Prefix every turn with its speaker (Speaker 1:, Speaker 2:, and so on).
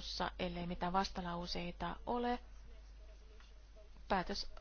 Speaker 1: täysistunnossa, ellei mitään vastalauseita ole. Päätös